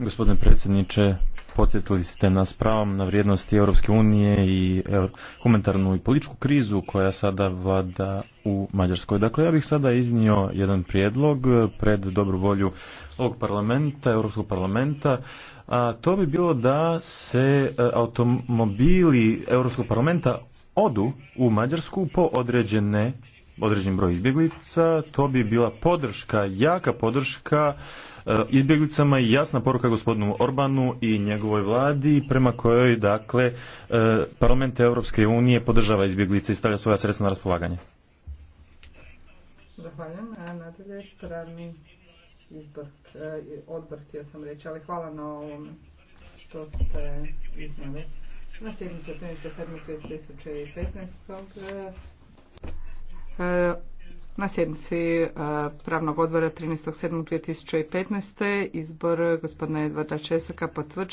Gospodine predsjedniče, podsjetili ste nas pravom na vrijednosti Europske unije i humanitarnu i političku krizu koja sada vlada u Mađarskoj. Dakle, ja bih sada iznio jedan prijedlog pred dobru volju ovog parlamenta, Europskog parlamenta, a to bi bilo da se e, automobili Europskog parlamenta odu u Mađarsku po određene određen broj izbjeglica, to bi bila podrška, jaka podrška e, izbjeglicama i jasna poruka gospodinu Orbanu i njegovoj vladi prema kojoj dakle e, parlament Europske unije podržava izbjeglice i stavlja svoja sredstva na raspolaganje. Zahvaljujem. A nadalje pravni izbor, e, odbor htio sam reći, ali hvala na ovom što ste iznali. Na sjednici 13.7.2015. E, na sjednici e, pravnog odbora 13.7.2015. izbor gospodina Edvarda Česaka potvrđen